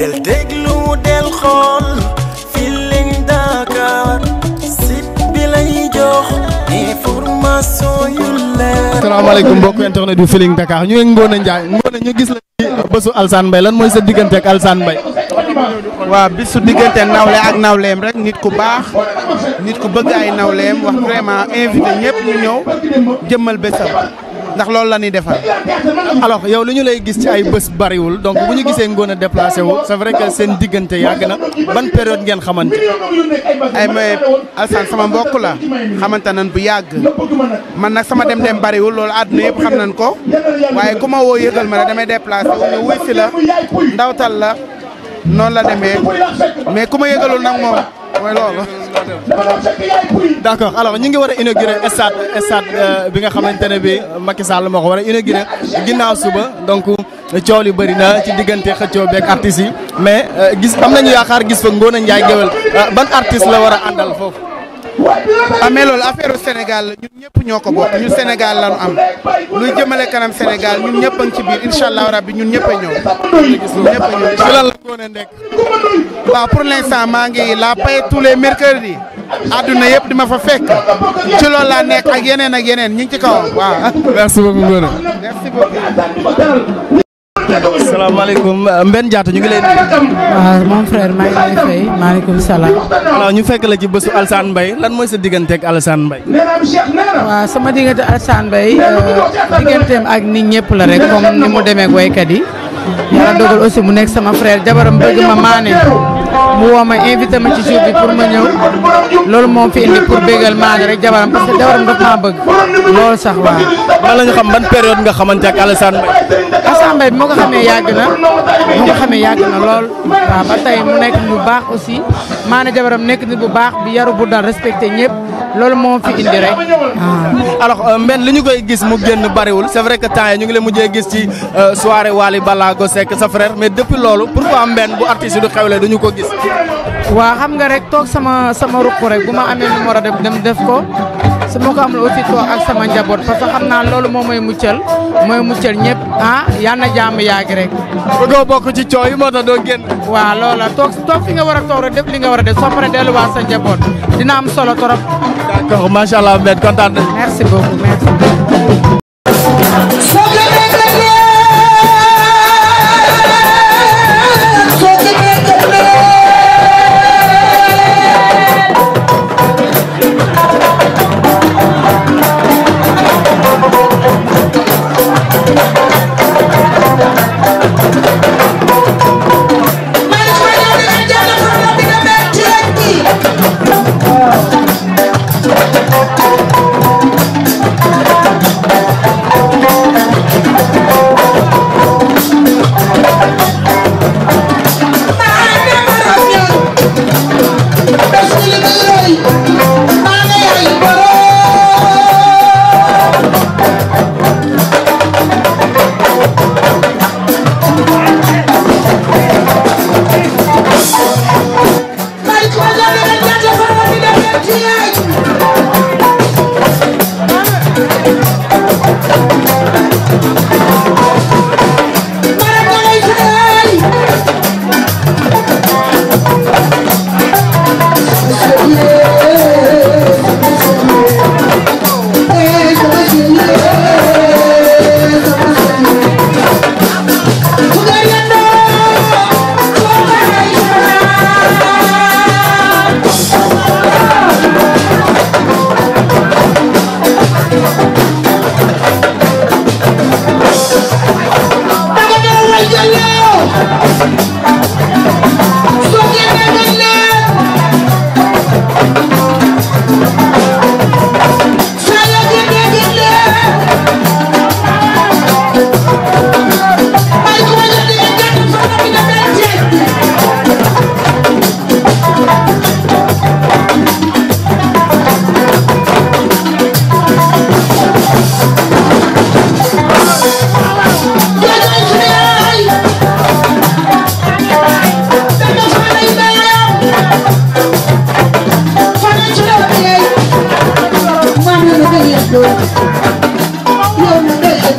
del déglu del xool Feeling Dakar site bi lay jox information yu leer. asalaamaaleykum mbokk internet yu Feeling Dakar ñu ngi Ngoné Ndiaye Ngoné ñu gis la ci bésu Alsaan Mbaye lan mooy sa diggante ak Alsaan Mbaye. waaw bis diggante nawle ak nawleem rek nit ku baax nit ku bëgg ay nawleem wax vraiment invité ñëpp ñu ñëw jëmmal bésam. ndax loolu la ñuy defar alors yow li ñu lay gis ci ay bés bariwul donc bu ñu gisee ngoon a déplacé wu c'est vrai que seen diggante yàgg na ban période ngeen xamante ay mooy alsan sama mbokk la xamante nan bu yàgg man nag sama dem dem bariwul loolu àdduna yëpp xam nañ ko waaye ku ma woo yëgal ma rek demee déplacé wu ñu wuy la ndawtal la noonu la demee mais ku ma yëgalul nag moom mooy loolu. dafa alors ñu ngi war a inauguré stade stade euh, bi nga xamante ne bi Macky Sall moo ko war a inauguré ginnaaw suba donc coow li bëri na ci diggante xëccoo beeg artistes yi mais euh, gis am nañu yaakaar gis fa Ngone Ndiaye Géwél euh, ban artiste la war a àndal foofu. amee loolu affaire Sénégal la ñun ñëpp ñoo ko bokk ñun Sénégal la ñu am luy jëmale kanam Sénégal ñun ñëpp ci biir incha allahu rabbi ñun ñëpp a ñëw. ñëpp a ñëw ci lan la Ngoné Ndek. waaw pour l'instant maa ngi la paye tous les mercredis àdduna yëpp dima fa fekk ci loolu laa nekk ak yeneen ak yeneen ñu ci kaw waaw. merci beaucoup Ngoné. merci beaucoup. salaamaaleykum euh, Mbène Diatta ñu ngi lay nuyu. waaw ah, mon frère maa salaam. alors ñu fekk la ci bésu Alassane Mbaye lan mooy sa digganteek Alassane Mbaye. waaw sama diggante Alassane Mbaye euh, digganteem ak nit ñëpp la rek comme ni mu demee ak waykat yi. yàlla aussi mu nekk sama frère jabaram bëgg ma maane. mu woo ma invité ma ci jour bi pour ma ñëw loolu moom fi indi pour bégal maa rek jabaram parce que jabaram daf maa bëgg sax waaw. man la nga xam ban période nga xamante ak Alassane Mbaye. Alassane Mbaye bi moo ko xamee yàgg na moo ko xamee yàgg na lool waaw ba tey mu nekk nit bu baax aussi maanaam jabaram nekk nit bu baax bi yaru bu dal respecté ñëpp. loolu moom fi indi rek. Ah. alors euh, Mbène li ñu koy gis mu génn bariwul c'est vrai que temps yi ñu ngi leen mujjee gis ci euh, soirée Wally Ballago Seck sa frère mais depuis loolu am Mbène bu artiste du xewle duñu ko gis. waa xam nga rek toog sama sama ruq rek bu ma amee numéro dem def ko. su ma ko amul aussi toog ak sama njaboot parce xam naa loolu moom mooy muccal mooy muccal ñëpp ah yal na yaa gi rek. bëggoo bokk ci coow yi moo tax doo génn. waaw loola toog toog fi nga war a toog rek def li nga war a def soo paree delluwaat sa njaboot dina am solo trop. d'accord macha allah kontaan nañu. merci beaucoup merci.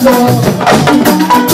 Thank you.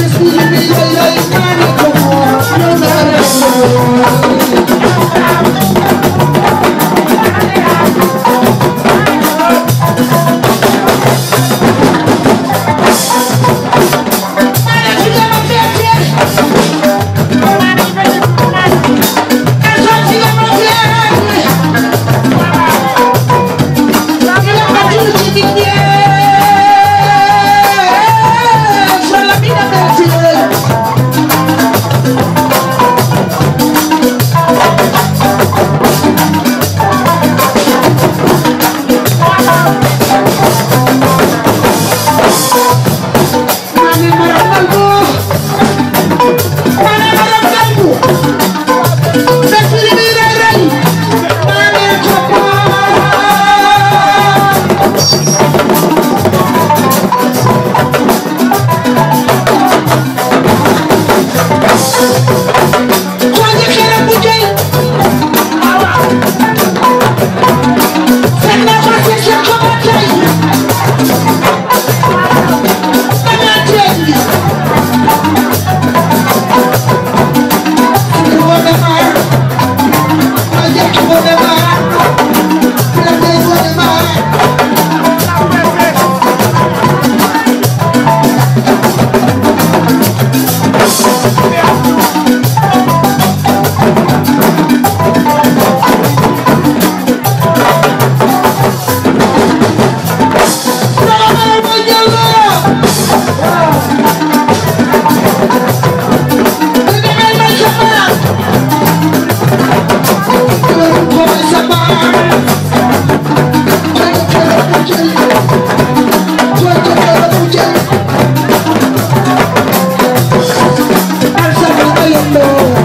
Cristo.